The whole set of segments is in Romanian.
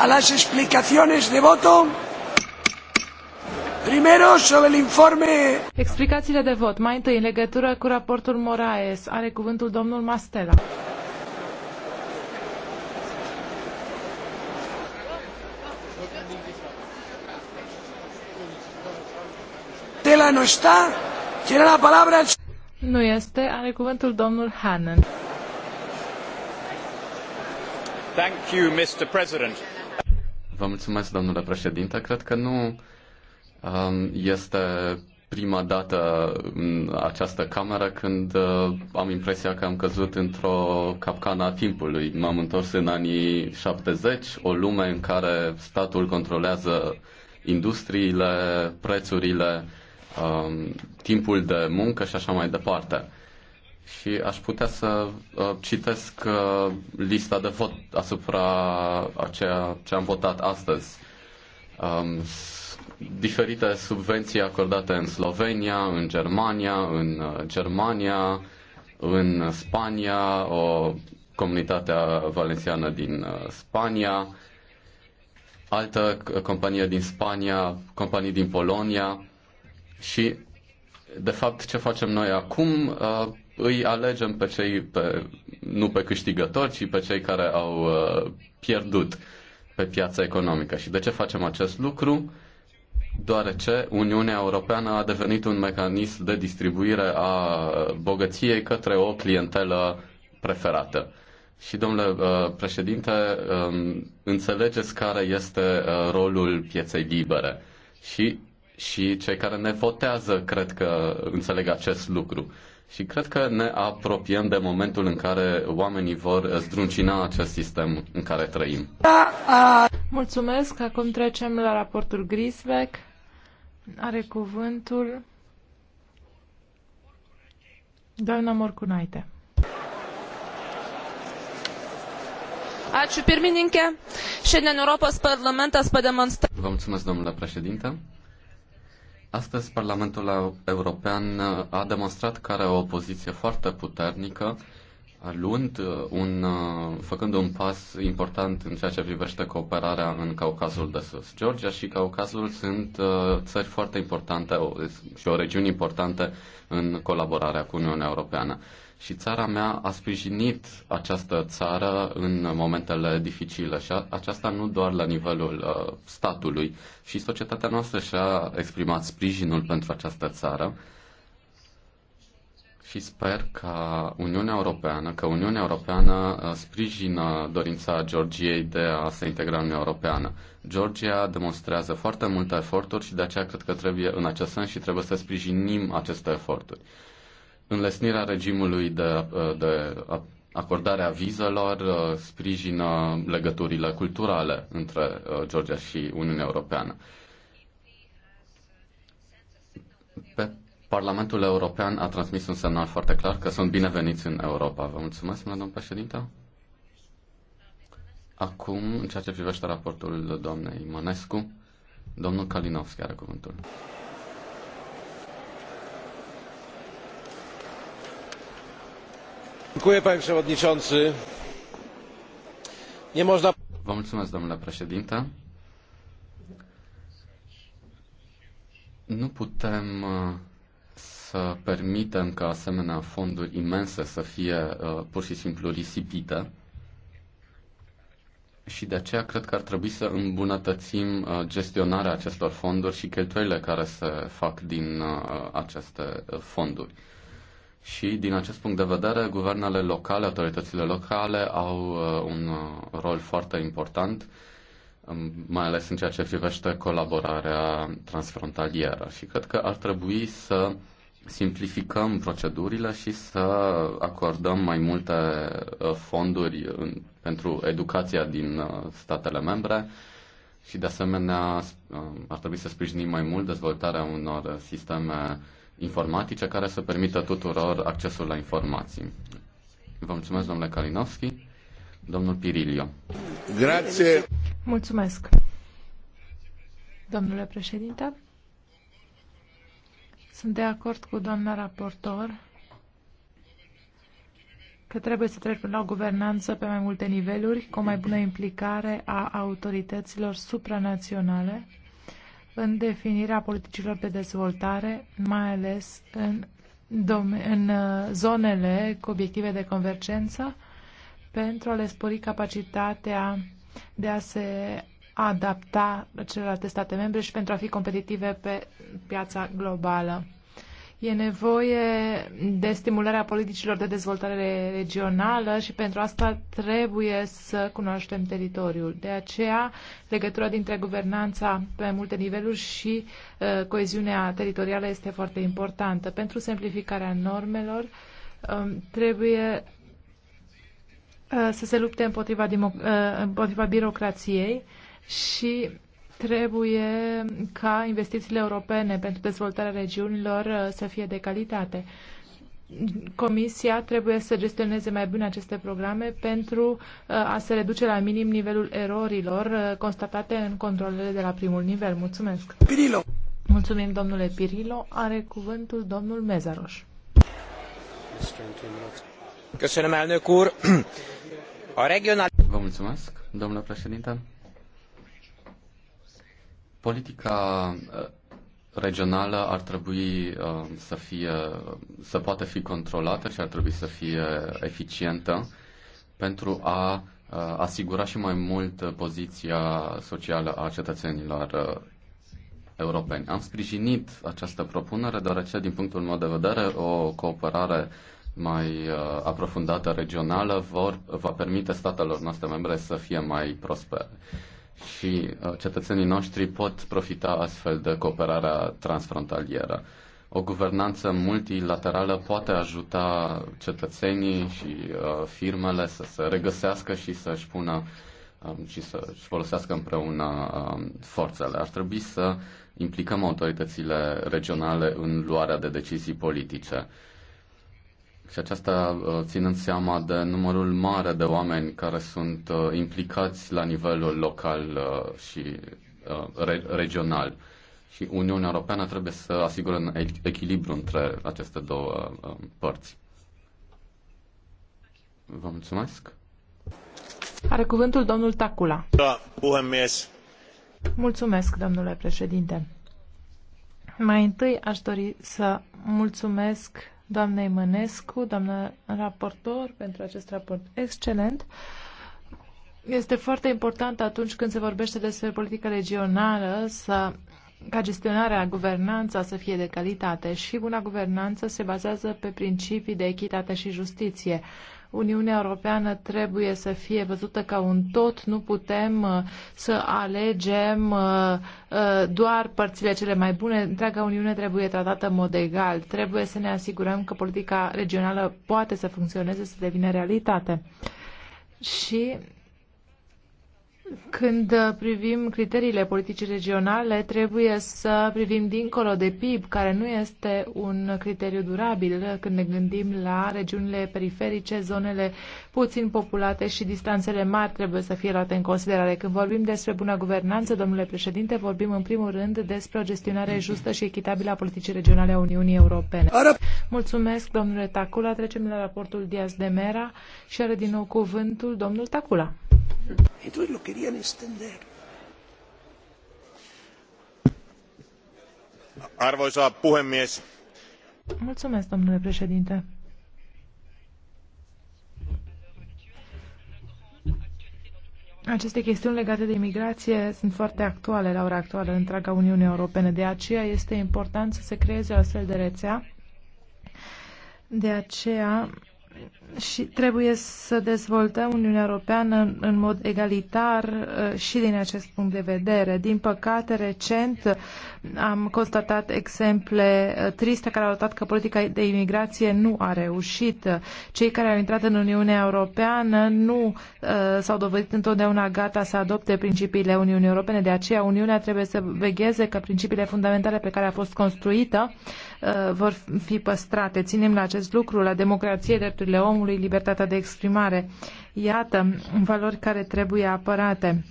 a las explicaciones de voto. Primero sobre el informe. Explicațiile de vot. Mai întâi, în legătură cu raportul Moraes, are cuvântul domnul Mastela. Tela no está. Tiene la palabra. Nu este. Are cuvântul domnul Hannan. Thank you, Mr. President Vă mulțumesc, domnule președinte. Cred că nu um, este prima dată în această cameră când uh, am impresia că am căzut într-o capcană a timpului. M-am întors în anii 70, o lume în care statul controlează industriile, prețurile, um, timpul de muncă și așa mai departe și aș putea să uh, citesc uh, lista de vot asupra a ceea ce am votat astăzi. Um, diferite subvenții acordate în Slovenia, în Germania, în uh, Germania, în Spania, o comunitatea valenciană din uh, Spania, altă companie din Spania, companii din Polonia și de fapt ce facem noi acum uh, îi alegem pe cei pe, nu pe câștigători, ci pe cei care au uh, pierdut pe piața economică. Și de ce facem acest lucru? Deoarece Uniunea Europeană a devenit un mecanism de distribuire a bogăției către o clientelă preferată. Și, domnule uh, președinte, um, înțelegeți care este uh, rolul pieței libere. Și, și cei care ne votează cred că înțeleg acest lucru. Și cred că ne apropiem de momentul în care oamenii vor zdruncina acest sistem în care trăim. Mulțumesc. Acum trecem la raportul Grisbeck. Are cuvântul doamna Morcunaite. Ačiū pirmininkė. Šiandien Europos parlamentas pademonstravo. Vă mulțumesc, domnule președinte. Astăzi Parlamentul European a demonstrat că are o poziție foarte puternică, luând un, făcând un pas important în ceea ce privește cooperarea în Caucazul de Sus. Georgia și Caucazul sunt uh, țări foarte importante și o regiune importantă în colaborarea cu Uniunea Europeană și țara mea a sprijinit această țară în momentele dificile și aceasta nu doar la nivelul uh, statului și societatea noastră și-a exprimat sprijinul pentru această țară și sper că Uniunea Europeană, că Uniunea Europeană uh, sprijină dorința Georgiei de a se integra în Uniunea Europeană. Georgia demonstrează foarte multe eforturi și de aceea cred că trebuie în acest sens și trebuie să sprijinim aceste eforturi. Înlesnirea regimului de, uh, de acordarea vizelor uh, sprijină legăturile culturale între uh, Georgia și Uniunea Europeană. Pe Parlamentul European a transmis un semnal foarte clar că sunt bineveniți în Europa. Vă mulțumesc, domnule președinte. Acum, în ceea ce privește raportul doamnei Mănescu, domnul Kalinovski are cuvântul. nu putem uh, să permitem ca asemenea fonduri imense să fie uh, pur și simplu risipite și de aceea cred că ar trebui să îmbunătățim uh, gestionarea acestor fonduri și cheltuielile care se fac din aceste fonduri. Și din acest punct de vedere, guvernele locale, autoritățile locale au uh, un uh, rol foarte important, um, mai ales în ceea ce privește colaborarea transfrontalieră. Și cred că ar trebui să simplificăm procedurile și să acordăm mai multe uh, fonduri pentru educația din statele membre și de asemenea um, ar trebui să sprijinim mai mult dezvoltarea unor sisteme informatice care să permită tuturor accesul la informații. Vă mulțumesc, domnule Kalinowski. Domnul Pirilio. Grație. Mulțumesc. Domnule președinte, sunt de acord cu doamna raportor că trebuie să trecem la o guvernanță pe mai multe niveluri, cu o mai bună implicare a autorităților supranaționale în definirea politicilor de dezvoltare, mai ales în, în uh, zonele cu obiective de convergență, pentru a le spori capacitatea de a se adapta celelalte state membre și pentru a fi competitive pe piața globală. E nevoie de stimularea politicilor de dezvoltare regională și pentru asta trebuie să cunoaștem teritoriul. De aceea, legătura dintre guvernanța pe multe niveluri și uh, coeziunea teritorială este foarte importantă. Pentru simplificarea normelor, um, trebuie uh, să se lupte împotriva, uh, împotriva birocrației și Trebuie ca investițiile europene pentru dezvoltarea regiunilor uh, să fie de calitate. Comisia trebuie să gestioneze mai bine aceste programe pentru uh, a se reduce la minim nivelul erorilor uh, constatate în controlele de la primul nivel. Mulțumesc! Pirilo. Mulțumim, domnule Pirilo. Are cuvântul domnul Mezaroș. Vă mulțumesc, domnule președinte. Politica uh, regională ar trebui uh, să, fie, să poată fi controlată și ar trebui să fie eficientă pentru a uh, asigura și mai mult poziția socială a cetățenilor europeni. Am sprijinit această propunere deoarece, din punctul meu de vedere, o cooperare mai aprofundată regională vor, va permite statelor noastre membre să fie mai prospere și uh, cetățenii noștri pot profita astfel de cooperarea transfrontalieră. O guvernanță multilaterală poate ajuta cetățenii și uh, firmele să se regăsească și să-și pună um, și să-și folosească împreună um, forțele. Ar trebui să implicăm autoritățile regionale în luarea de decizii politice. Uh, și aceasta uh, ținând seama de numărul mare de oameni care sunt uh, implicați la nivelul local uh, și regional. Și Uniunea Europeană trebuie să asigure un echilibru între aceste două părți. Vă mulțumesc. Are cuvântul domnul Tacula. Da, puhemies. Mulțumesc, domnule președinte. Mai întâi aș dori să mulțumesc doamnei Mănescu, doamnă raportor, pentru acest raport excelent. Este foarte important atunci când se vorbește despre politică regională să ca gestionarea, guvernanța să fie de calitate și buna guvernanță se bazează pe principii de echitate și justiție. Uniunea Europeană trebuie să fie văzută ca un tot, nu putem uh, să alegem uh, uh, doar părțile cele mai bune. Întreaga Uniune trebuie tratată în mod egal. Trebuie să ne asigurăm că politica regională poate să funcționeze, să devină realitate. Și când uh, privim criteriile politicii regionale, trebuie să privim dincolo de PIB, care nu este un criteriu durabil uh, când ne gândim la regiunile periferice, zonele puțin populate și distanțele mari trebuie să fie luate în considerare. Când vorbim despre bună guvernanță, domnule președinte, vorbim în primul rând despre o gestionare justă și echitabilă a politicii regionale a Uniunii Europene. Mulțumesc, domnule Tacula. Trecem la raportul Diaz de Mera și are din nou cuvântul domnul Tacula. Entonces lo querían extender. Arvoisa puhemies. Mulțumesc, domnule președinte. Aceste chestiuni legate de imigrație sunt foarte actuale la ora actuală în întreaga Uniune Europene. De aceea este important să se creeze o astfel de rețea. De aceea și trebuie să dezvoltăm Uniunea Europeană în mod egalitar uh, și din acest punct de vedere. Din păcate, recent, am constatat exemple uh, triste care au arătat că politica de imigrație nu a reușit. Cei care au intrat în Uniunea Europeană nu uh, s-au dovedit întotdeauna gata să adopte principiile Uniunii Europene. De aceea, Uniunea trebuie să vegheze că principiile fundamentale pe care a fost construită uh, vor fi păstrate. Ținem la acest lucru, la democrație, drepturile omului, libertatea de exprimare. Iată, valori care trebuie apărate,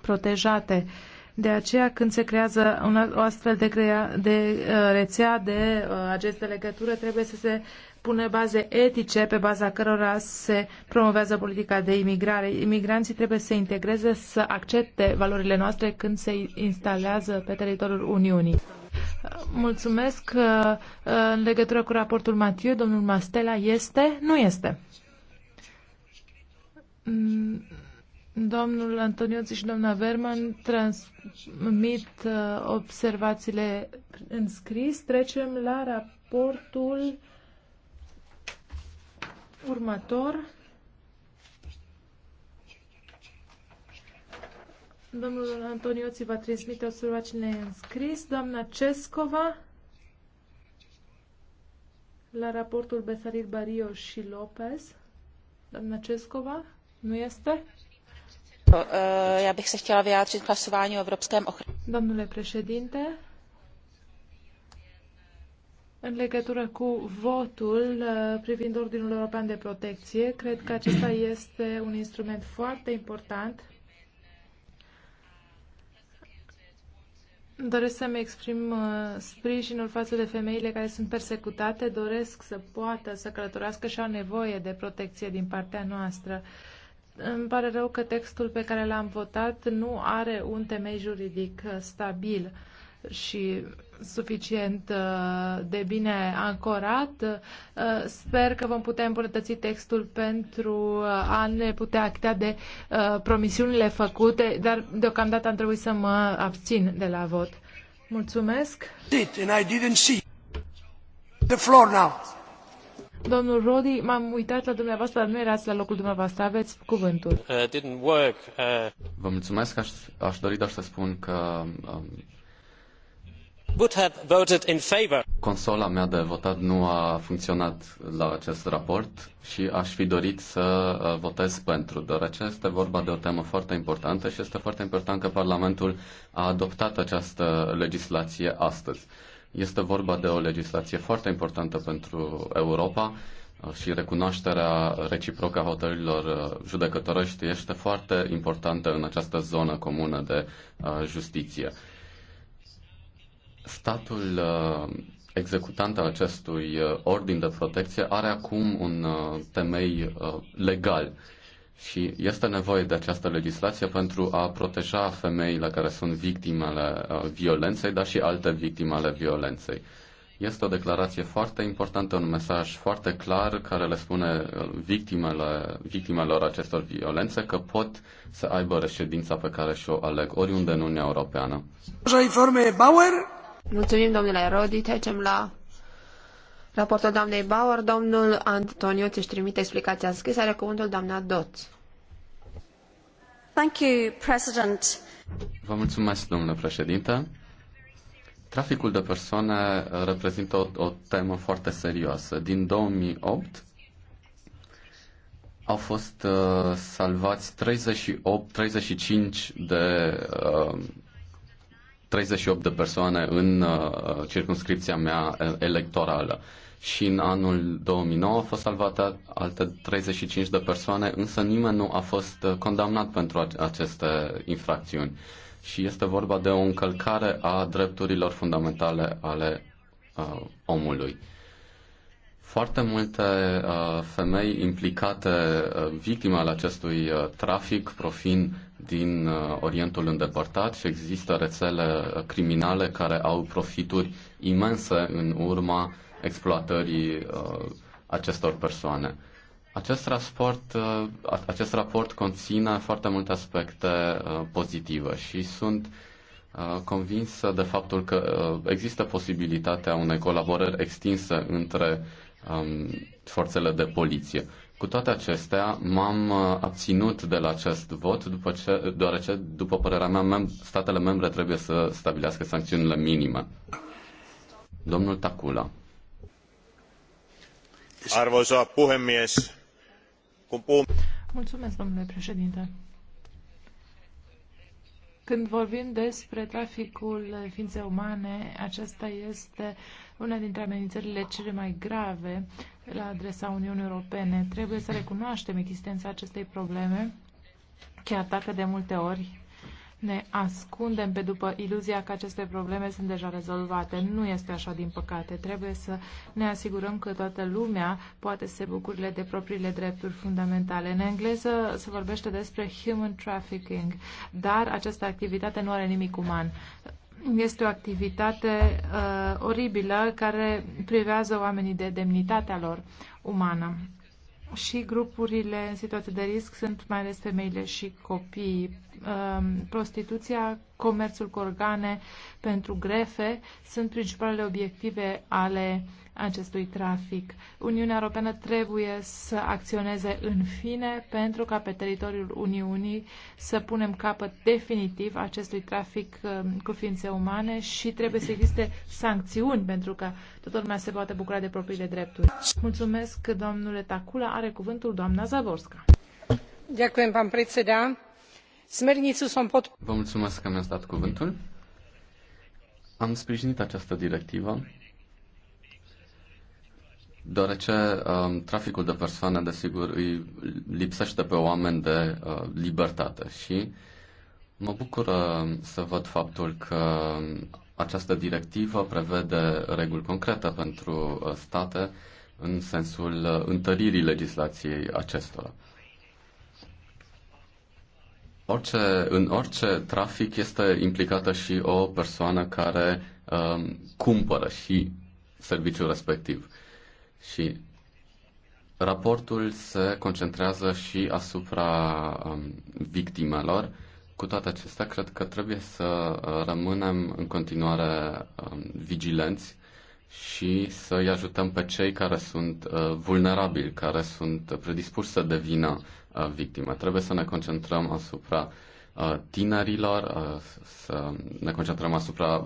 protejate. Uh, de aceea, când se creează un, o astfel de, crea, de uh, rețea de uh, agenți de legătură, trebuie să se pune baze etice pe baza cărora se promovează politica de imigrare. Imigranții trebuie să se integreze, să accepte valorile noastre când se instalează pe teritoriul Uniunii. Mulțumesc. Uh, uh, în legătură cu raportul Matiu, domnul Mastela este? Nu este. Mm, Domnul Antonioți și doamna Berman transmit uh, observațiile în scris. Trecem la raportul următor. Domnul Antonioți va transmite observațiile în scris. Doamna Cescova la raportul Besarit Bario și Lopez. Doamna Cescova, nu este? Eh, já bych se chtěla vyjádřit k hlasování o evropském ochraně. Domnule președinte, în legătură cu votul eh, privind Ordinul European de Protecție, cred că acesta este un instrument foarte important. Doresc să-mi exprim eh, sprijinul față de femeile care sunt persecutate, doresc să poată să călătorească și au nevoie de protecție din partea noastră. Îmi pare rău că textul pe care l-am votat nu are un temei juridic uh, stabil și suficient uh, de bine ancorat. Uh, sper că vom putea îmbunătăți textul pentru a ne putea acta de promisiunile făcute, dar deocamdată am trebuit să mă abțin de la vot. Mulțumesc. And I didn't see the floor now. Domnul Rodi, m-am uitat la dumneavoastră, dar nu erați la locul dumneavoastră. Aveți cuvântul. Uh, didn't work, uh... Vă mulțumesc. Aș, aș dori doar să spun că um, would have voted in favor. Consola mea de votat nu a funcționat la acest raport și aș fi dorit să uh, votez pentru, deoarece este vorba de o temă foarte importantă și este foarte important că Parlamentul a adoptat această legislație astăzi. Este vorba de o legislație foarte importantă pentru Europa uh, și recunoașterea reciprocă a hotărârilor uh, judecătorești este foarte importantă în această zonă comună de uh, justiție. Statul executant al acestui ordin de protecție are acum un temei legal și este nevoie de această legislație pentru a proteja femeile care sunt victimele uh, violenței, dar și alte victime ale violenței. Este o declarație foarte importantă, un mesaj foarte clar care le spune uh, victimele, victimelor acestor violențe că pot să aibă reședința pe care și-o aleg oriunde în Uniunea Europeană. Mulțumim, domnule Rodi. Trecem la raportul doamnei Bauer, domnul Antonio ți-și trimite explicația în scris, are cuvântul doamna Dot. Thank you, President. Vă mulțumesc, domnule președinte. Traficul de persoane uh, reprezintă o, o temă foarte serioasă. Din 2008 au fost uh, salvați 38, 35 de uh, 38 de persoane în uh, circunscripția mea uh, electorală și în anul 2009 au fost salvate alte 35 de persoane, însă nimeni nu a fost uh, condamnat pentru aceste infracțiuni. Și este vorba de o încălcare a drepturilor fundamentale ale uh, omului. Foarte multe uh, femei implicate, uh, victime ale acestui uh, trafic, profin din uh, Orientul îndepărtat și există rețele uh, criminale care au profituri imense în urma exploatării uh, acestor persoane. Acest raport, acest raport conține foarte multe aspecte pozitive și sunt convinsă de faptul că există posibilitatea unei colaborări extinse între um, forțele de poliție. Cu toate acestea, m-am uh, abținut de la acest vot, după ce, deoarece, după părerea mea, mem- statele membre trebuie să stabilească sancțiunile minime. Domnul Takula. Arvoisa puhemies, Mulțumesc, domnule președinte. Când vorbim despre traficul ființe umane, aceasta este una dintre amenințările cele mai grave la adresa Uniunii Europene. Trebuie să recunoaștem existența acestei probleme, chiar dacă de multe ori ne ascundem pe după iluzia că aceste probleme sunt deja rezolvate. Nu este așa, din păcate. Trebuie să ne asigurăm că toată lumea poate să se bucurile de propriile drepturi fundamentale. În engleză se vorbește despre human trafficking, dar această activitate nu are nimic uman este o activitate uh, oribilă care privează oamenii de demnitatea lor umană. Și grupurile în situație de risc sunt mai ales femeile și copiii. Um, prostituția, comerțul cu organe pentru grefe sunt principalele obiective ale acestui trafic. Uniunea Europeană trebuie să acționeze în fine pentru ca pe teritoriul Uniunii să punem capăt definitiv acestui trafic um, cu ființe umane și trebuie să existe sancțiuni pentru că toată lumea se poate bucura de propriile drepturi. Mulțumesc, domnule Tacula. Are cuvântul doamna Zavorska. Ďakujem, pán predseda Smernicu som pod... Vă mulțumesc că mi-ați dat cuvântul. Am sprijinit această directivă deoarece um, traficul de persoane, desigur, îi lipsește pe oameni de uh, libertate și mă bucur um, să văd faptul că um, această directivă prevede reguli concrete pentru uh, state în sensul uh, întăririi legislației acestora orice, în orice trafic este implicată și o persoană care um, cumpără și serviciul respectiv. Și raportul se concentrează și asupra um, victimelor. Cu toate acestea, cred că trebuie să uh, rămânem în continuare um, vigilenți și să-i ajutăm pe cei care sunt uh, vulnerabili, care sunt predispuși să devină Uh, victime. Trebuie să ne concentrăm asupra uh, tinerilor, uh, să ne concentrăm asupra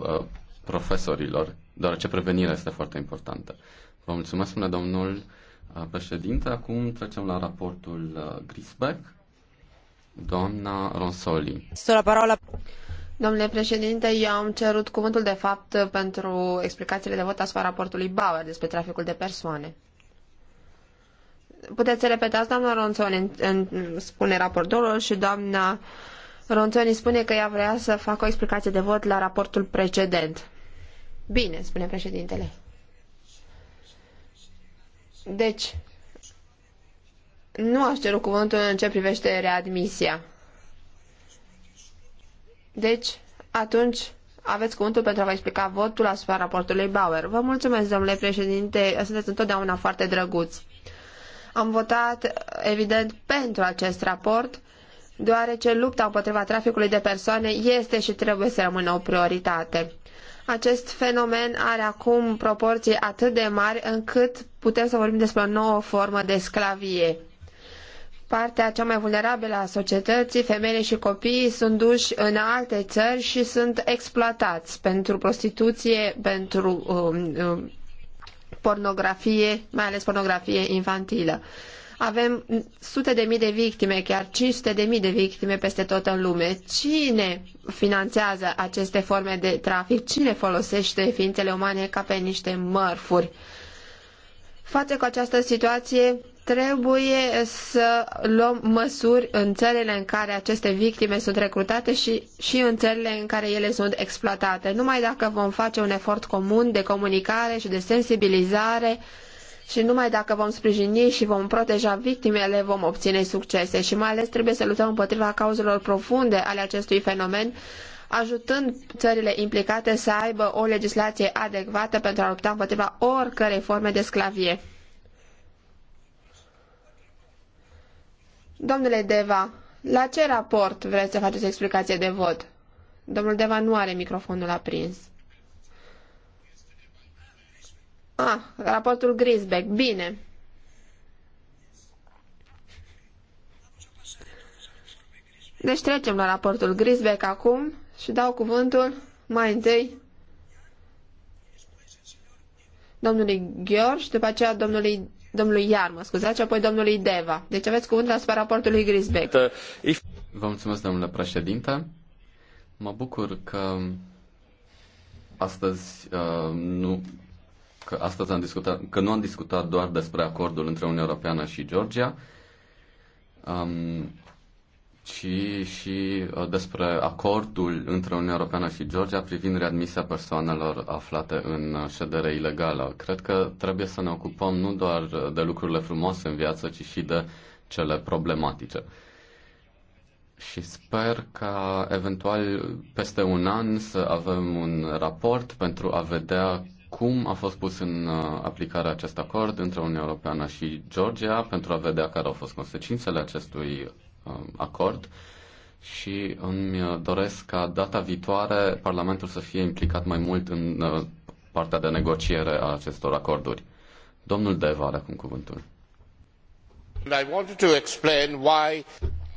profesorilor, deoarece prevenirea este foarte importantă. Vă mulțumesc, spune domnul președinte. Acum trecem la raportul Grisbeck. Doamna Ronsoli. la parola. Domnule președinte, eu am cerut cuvântul de fapt pentru explicațiile de vot asupra raportului Bauer despre traficul de persoane. Puteți să repetați, doamna Ronțoni, spune raportorul și doamna Ronțoni spune că ea vrea să facă o explicație de vot la raportul precedent. Bine, spune președintele. Deci, nu aș cerut cuvântul în ce privește readmisia. Deci, atunci aveți cuvântul pentru a vă explica votul asupra raportului Bauer. Vă mulțumesc, domnule președinte, sunteți întotdeauna foarte drăguți. Am votat, evident, pentru acest raport, deoarece lupta împotriva traficului de persoane este și trebuie să rămână o prioritate. Acest fenomen are acum proporții atât de mari încât putem să vorbim despre o nouă formă de sclavie. Partea cea mai vulnerabilă a societății, femeile și copiii, sunt duși în alte țări și sunt exploatați pentru prostituție, pentru um, um, pornografie, mai ales pornografie infantilă. Avem sute de mii de victime, chiar 500 de mii de victime peste tot în lume. Cine finanțează aceste forme de trafic? Cine folosește ființele umane ca pe niște mărfuri? Față cu această situație, trebuie să luăm măsuri în țările în care aceste victime sunt recrutate și, și în țările în care ele sunt exploatate. Numai dacă vom face un efort comun de comunicare și de sensibilizare și numai dacă vom sprijini și vom proteja victimele, vom obține succese și mai ales trebuie să luptăm împotriva cauzelor profunde ale acestui fenomen, ajutând țările implicate să aibă o legislație adecvată pentru a lupta împotriva oricărei forme de sclavie. Domnule Deva, la ce raport vreți să faceți explicație de vot? Domnul Deva nu are microfonul aprins. Ah, raportul Grisbeck. Bine. Deci trecem la raportul Grisbeck acum și dau cuvântul mai întâi domnului Gheorghe și după aceea domnului domnului Iar, mă scuzați, apoi domnului Deva. Deci aveți cuvânt la raportului Grisbeck. Vă mulțumesc, domnule președinte. Mă bucur că astăzi uh, nu că astăzi am discutat, că nu am discutat doar despre acordul între Uniunea Europeană și Georgia. Um, ci și uh, despre acordul între Uniunea Europeană și Georgia privind readmisia persoanelor aflate în uh, ședere ilegală. Cred că trebuie să ne ocupăm nu doar de lucrurile frumoase în viață, ci și de cele problematice. Și sper ca eventual peste un an să avem un raport pentru a vedea cum a fost pus în uh, aplicare acest acord între Uniunea Europeană și Georgia pentru a vedea care au fost consecințele acestui Um, acord și îmi uh, doresc ca data viitoare Parlamentul să fie implicat mai mult în uh, partea de negociere a acestor acorduri. Domnul Deva are acum cuvântul. Why...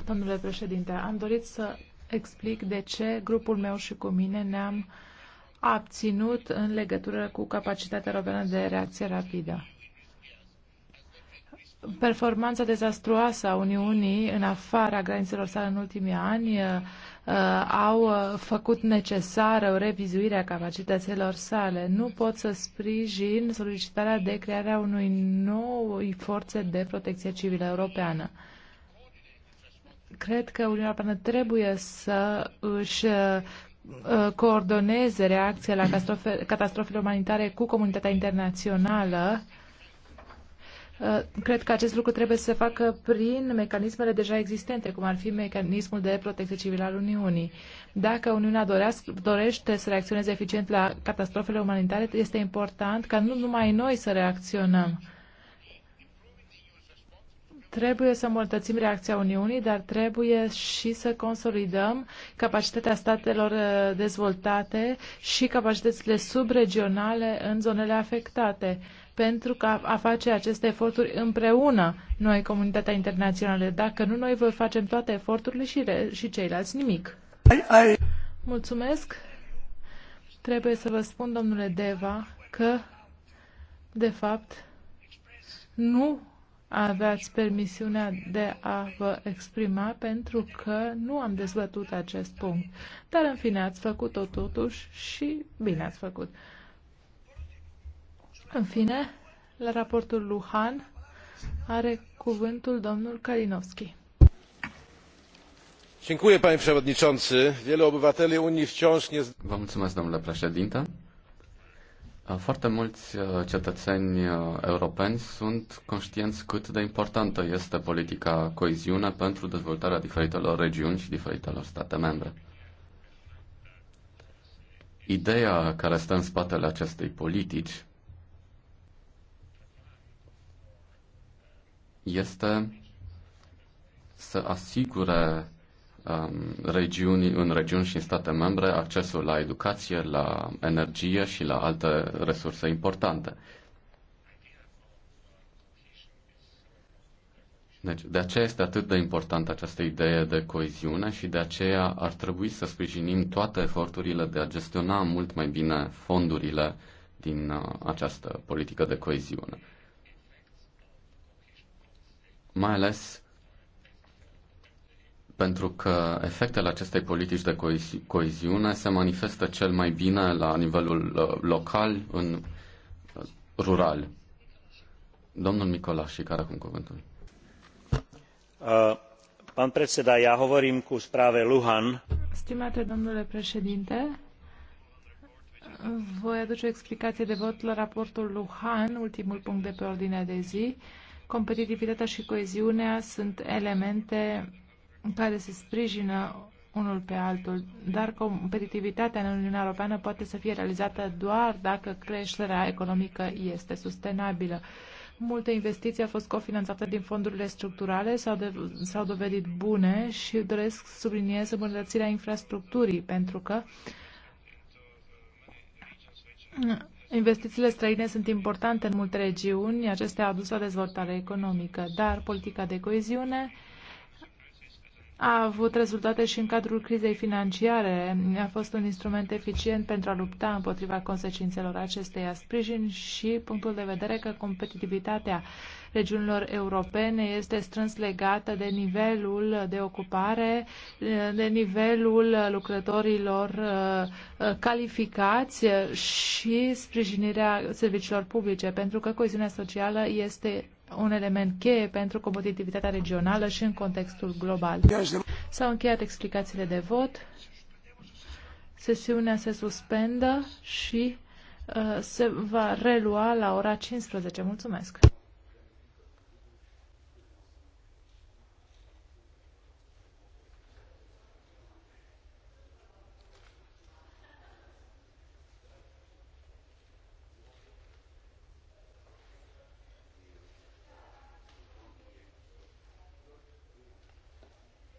Domnule președinte, am dorit să explic de ce grupul meu și cu mine ne-am abținut în legătură cu capacitatea europeană de reacție rapidă performanța dezastruoasă a Uniunii în afara granițelor sale în ultimii ani uh, uh, au uh, făcut necesară o revizuire a capacităților sale. Nu pot să sprijin solicitarea de crearea unui nou forțe de protecție civilă europeană. Cred că Uniunea Europeană trebuie să își coordoneze reacția la catastrofele umanitare cu comunitatea internațională Uh, cred că acest lucru trebuie să se facă prin mecanismele deja existente, cum ar fi mecanismul de protecție civilă al Uniunii. Dacă Uniunea dorește să reacționeze eficient la catastrofele umanitare, este important ca nu numai noi să reacționăm. Trebuie să îmbunătățim reacția Uniunii, dar trebuie și să consolidăm capacitatea statelor uh, dezvoltate și capacitățile subregionale în zonele afectate pentru ca a face aceste eforturi împreună noi, comunitatea internațională. Dacă nu, noi voi facem toate eforturile și, re- și ceilalți nimic. Mulțumesc. Trebuie să vă spun, domnule Deva, că, de fapt, nu aveați permisiunea de a vă exprima pentru că nu am dezbătut acest punct. Dar, în fine, ați făcut-o totuși și bine ați făcut. În fine, la raportul Luhan are cuvântul domnul Kalinowski. Dziękuję, panie przewodniczący. Wiele obywateli Unii wciąż nie... Vă mulțumesc, domnule președinte. Foarte mulți cetățeni europeni sunt conștienți cât de importantă este politica coeziune pentru dezvoltarea diferitelor regiuni și diferitelor state membre. Ideea care stă în spatele acestei politici este să asigure um, regiuni, în regiuni și în state membre accesul la educație, la energie și la alte resurse importante. Deci, de aceea este atât de importantă această idee de coeziune și de aceea ar trebui să sprijinim toate eforturile de a gestiona mult mai bine fondurile din uh, această politică de coeziune mai ales pentru că efectele acestei politici de coeziune se manifestă cel mai bine la nivelul uh, local, în uh, rural. Domnul și care acum cuvântul. Uh, pan predseda, ja hovorím cu sprave Luhan. Stimate domnule președinte, voi aduce o explicație de vot la raportul Luhan, ultimul punct de pe ordinea de zi. Uh, Competitivitatea și coeziunea sunt elemente care se sprijină unul pe altul, dar competitivitatea în Uniunea Europeană poate să fie realizată doar dacă creșterea economică este sustenabilă. Multe investiții au fost cofinanțate din fondurile structurale, s-au, dovedit bune și doresc să subliniez îmbunătățirea infrastructurii, pentru că Investițiile străine sunt importante în multe regiuni, acestea au dus la dezvoltare economică, dar politica de coeziune a avut rezultate și în cadrul crizei financiare. A fost un instrument eficient pentru a lupta împotriva consecințelor acesteia. Sprijin și punctul de vedere că competitivitatea regiunilor europene este strâns legată de nivelul de ocupare, de nivelul lucrătorilor uh, calificați și sprijinirea serviciilor publice, pentru că coeziunea socială este un element cheie pentru competitivitatea regională și în contextul global. S-au încheiat explicațiile de vot, sesiunea se suspendă și uh, se va relua la ora 15. Mulțumesc!